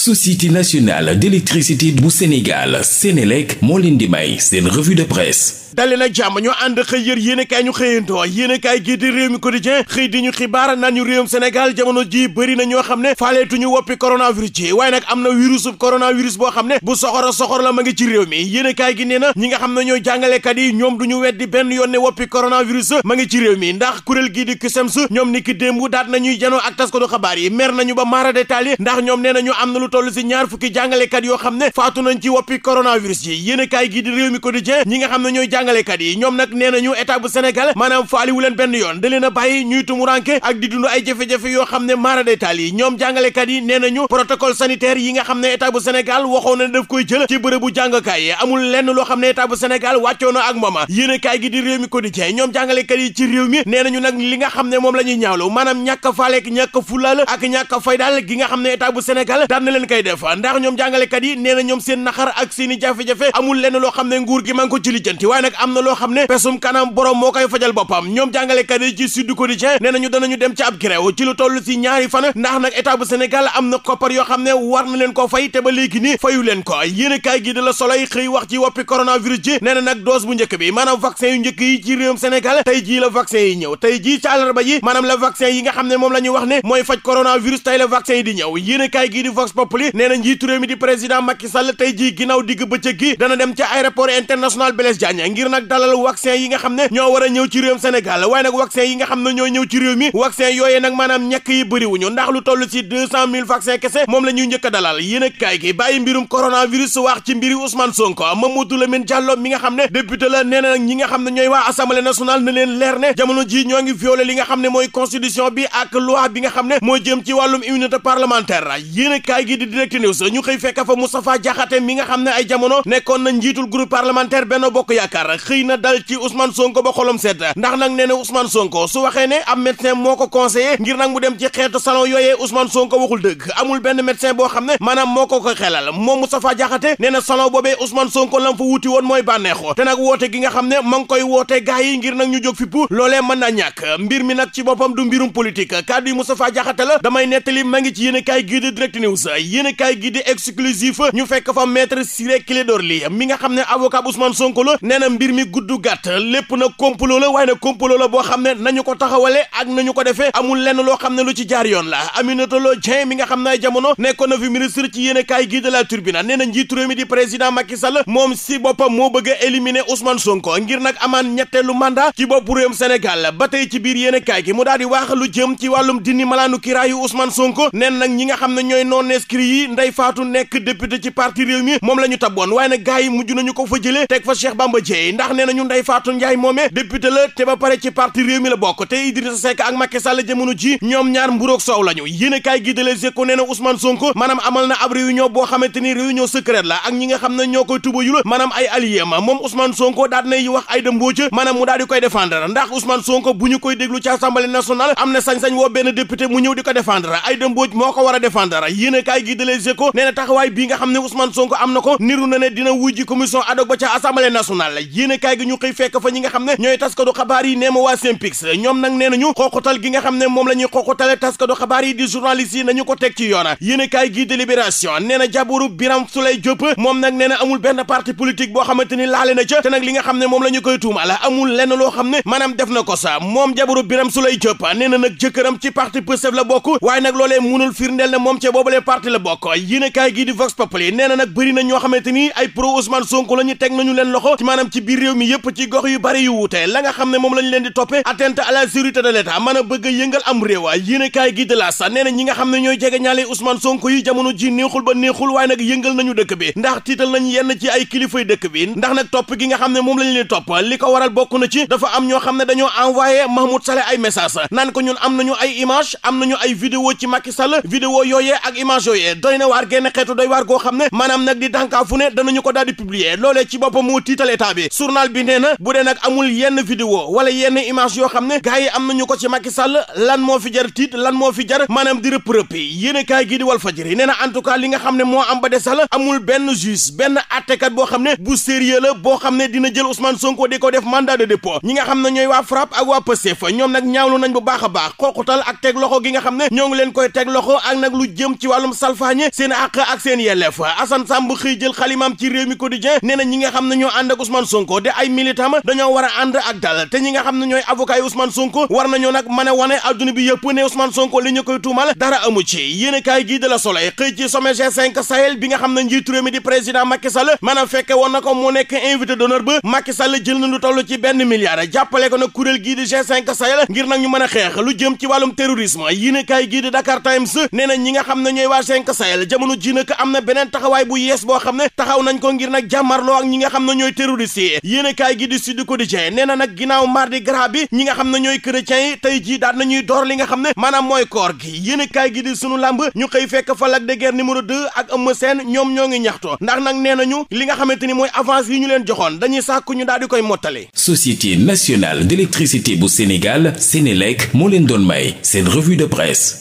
société nationale d'électricité bu Sénégal Sénélec moo leen di may seen revue de presse dali jàmm ñu ànd xëy yër yéen i kaay ñu xëyantoo yéen i kaay gii di réew mi quotidien xëy di ñu xibaar naan ñu réewum Sénégal jamono ji bëri na ñoo xam ne faaleetuñu woppi coronavirus ji waaye nag am na virusub coronavirus boo xam ne bu soxor soxor la ma ngi ci réew mi yéen i kaay gi nee na ñi nga xam ne ñooy jàngalekat yi ñoom du ñu weddi benn yoon ne woppi coronavirus ma ngi ci réew mi ndax gii di CUSEMS ñoom ni ki démb daat nañuy janoo ak yi mer nañu ba maara détail toll si ñaar fukki jàngalekat yoo xam ne faatu nañ ci woppi coronavirus yi yéen a gi di réew mi quotidien ñi nga xam ne ñooy jàngalekat yi ñoom nag nee nañu état bu Sénégal maanaam faaliwu leen benn yoon da leen bàyyi ñuy tumuranke ak di dund ay jafe yoo xam ne maara détaal yi ñoom jàngalekat yi nee nañu protocole sanitaire yi nga xam ne état bu Sénégal waxoon na koy jël ci bërëbu jàngkaay yi amul lenn loo xam ne état bu Sénégal ak mooma a kaay gi di réew mi quotidien ñoom jàngalekat yi ci réew nee nañu nag li nga xam ne moom la ñuy ñaawlu maanaam ñàkk faaleek ñàkk fulaal ak ñàkk faydaal gi nga xam ne état bu Sénégal leen koy def ndax ñoom jàngalekat yi nee na ñoom seen naxar ak seen i jafe-jafe amul lenn loo xam ne nguur gi ma ngi ko ci lijjanti waaye nag am na loo xam ne pesum kanam borom moo koy fajal boppam ñoom jàngale yi ci Sud Quotidien nee nañu danañu dem ci ab grève ci lu toll si ñaari fan ndax nag état bu Sénégal am na koppar yoo xam ne war na leen ko fay te ba léegi nii fayu leen ko yéen kaay gi de la soloy xëy wax ci woppi coronavirus ji nee na nag dose bu njëkk bi maanaam vaccin yu njëkk yi ci réewum Sénégal la vaccin yi ñëw jii ci àllarba yi maanaam la vaccin yi nga xam ne moom la ñu wax ne mooy faj coronavirus tey yi di ñëw yéen kaay gi di vox noppali nee njiitu réew mi di président Macky Sall tey jii ginnaaw digg bëccëg gi dana dem ci aéroport international Blaise Diagne ngir nag dalal vaccin yi nga xam ne ñoo war a ñëw ci réewum Sénégal waaye nag vaccin nga xam ne ñoo ñëw ci réew mi vaccin yooyee nag maanaam ñàkk yi bëriwuñu ndax lu toll ci deux cent mille vaccin kese moom la ñuy njëkk a dalal yéen a kaay gi bàyyi mbirum coronavirus wax ci mbiri Ousmane Sonko Mamadou Lamine Diallo mi nga xam ne député la nee na nag ñi nga xam ne ñooy waa assemblée nationale na leen leer ne jamono ji ñoo li nga xam ne mooy constitution bi ak loi bi nga xam ne moo jëm ci wàllum immunité parlementaire a kaay di direct news ñu xëy fekk fa Moustapha Diakhaté mi nga xam ne ay jamono nekkoon na njiitul groupe parlementaire Benno Bokk Yaakaar xëy na dal ci Ousmane Sonko ba xolom sedd ndax nag nee na Ousmane Sonko su waxee ne ab médecin moo ko conseillé ngir nag mu dem ci xeetu salon yooyee Ousmane Sonko waxul dëgg amul benn médecin boo xam ne maanaam moo ko ko xelal moom Moustapha Diakhaté nee na salon boobee Ousmane Sonko lam fa wuti woon mooy bànneexo te nag woote gi nga xam ne ma ngi koy woote gaay yi nag ñu jóg fippu loolee mën naa ñàkk mbir mi nag ci boppam du mbirum politique kàddu yi Moustapha Diakhaté la damay nettali ma ngi ci yéen a kaay gii di yéenekaay gi di exclusif ñu fekk fa maître Ciré Clédor Ly mi nga xam ne avocat Ousmane Sonko la nee na mbir mi guddu gàtt lépp nag complot la waaye nag complot la boo xam ne nañu ko taxawale ak na ñu ko defee amul lenn loo xam ne lu ci jaar yoon la Aminata Lô Dieng mi nga xam ne ay jamono nekkoon na fi ministre ci yéenekaay gi de la Tribune nee na njiitu réew mi di président Macky moom si boppam moo bëgg a éliminer Ousmane Sonko ngir nag amaan ñetteelu mandat ci bopp réewum Sénégal ba tey ci biir yéenekaay gi mu daal di wax lu jëm ci wàllum dindi malaanu kiraayu Ousmane Sonko neen nag ñi xam ne ñooy non ministre yi Ndeye Fatou nekk député ci parti réew mi moom la ñu tabboon waaye nag gars yi mujj nañu ko fa jëlee teg fa Cheikh Bamba Dièye ndax nee nañu Ndeye Fatou Ndiaye moomee député la te ba pare ci parti réew mi la bokk te Idrissa Seck ak Macky Sall jamono ji ñoom ñaar mburoog soow la ñu yéen a kaay gi de Les Échos nee na Ousmane Sonko maanaam amal na ab réunion boo xamante ni réunion secrète la ak ñi nga xam ne ñoo koy tubayul maanaam ay alliés moom Ousmane Sonko daal nay wax ay dëmboo ca maanaam daal di koy défendre ndax Ousmane Sonko bu ñu koy déglu ci assemblée nationale am na sañ-sañ woo benn député mu ñëw di ko défendre ay dëmboo moo ko war a défendre gi de Les Échos nee na taxawaay bii nga xam ne Ousmane Sonko am na ko niru na dina wujji commission ad hoc ba ca la yéen a gi ñu xëy fekk fa ñi nga xam ne ñooy taskadu xabaar yi nee ma waa Synpics ñoom nag nee nañu xooxatal gi nga xam ne moom la ñuy xooxatale taskadu xabaar yi di journalistes yi nañu ko teg ci yoona yéen a kaay gi de Libération nee na jaboru Biram Souleye Diop moom nag nee na amul benn parti politique boo xamante ni laale na ca te nag ne moom la ñu koy tuumal amul lenn na ko sa moom jaboru Biram Souleye Diop nee na nag jëkkëram ci parti Pastef la bokk ne moom ca fi la bokk yéenekaay gi di Vox Populi nee na nag bëri na ñoo xamante ni ay pro Ousmane Sonko la teg nañu leen loxo ci maanaam ci biir mi yëpp ci gox yu bari yu wuute la nga xam ne moom la leen di toppee atteinte à la sécurité de l'État a bëgg a yëngal am réew yéenekaay gi de la sa nee na ñi nga xam ne ñooy jege ñaale Ousmane Sonko yi jamono ji neexul ba neexul waaye nag yëngal nañu dëkk bi ndax tiital nañu yenn ci ay kilifay dëkk bi ndax nag topp yooyee doy na waar génn xeetu doy waar goo xam ne maanaam nag di dànkaafu ne danañu ko daal di publier ci boppam moo tiital état bi journal bi nee bu dee nag amul yenn vidéo wala yenn image yoo xam ne gars yi am nañu ko ci Macky Sall lan moo fi jar tiit lan moo fi jar maanaam di rëpp-rëppi yéen kaay gi di Walf Fadjri nee na en tout cas li nga xam ne moo am ba des la amul benn juge benn attekat boo xam ne bu sérieux la boo xam ne dina jël Ousmane Sonko di ko def mandat de dépôt ñi nga xam ne ñooy waa FRAPP ak waa PASTEF baax a baax xooqutal ak teg loxo gi nga xam ne ñoo ngi leen koy teg loxo ak nag lu salfaañe seen ak xëy jël xalimaam ci réew mi quotidien nee na ñi nga xam ne ñoo ànd ak Ousmane Sonko de ay militam dañoo war a ànd ak dal te ñi nga xam ne ñooy avocat yi Ousmane Sonko war nañoo nag mën a wane adduna bi yëpp ne Sonko li ñu koy tuumal dara amu ci yéen a kaay gii xëy ci sommet G5 bi nga xam ne njiitu di président Macky Sall fekke woon na ko mu nekk invité d'honneur ba Macky jël na lu toll ci benn milliard jàppale G5 Sahel ngir nag ñu g jamono ji nag am na beneen taxawaay bu yees boo xam ne taxaw nañ ko ngir nag jàmmarloo ak ñi nga xam ne ñooy terroriste yi yéenekaay gi di Sud Quotidien nee na nag ginnaaw mardi gras bi ñi nga xam ne ñooy chrétiens yi tey jii daan nañuy door li nga xam ne maanaam mooy koor gi yéenekaay gi di sunu làmb ñu xëy fekk fa Lac de Guiers numéro 2 ak Eumeu Sène ñoom ñoo ngi ñaxtoo ndax nag nee nañu li nga xamante ni mooy avance yi ñu leen joxoon dañuy sàkk ñu daal di koy mottali Société nationale d'électricité bu Sénégal Sénélec moo leen doon may seen revue de presse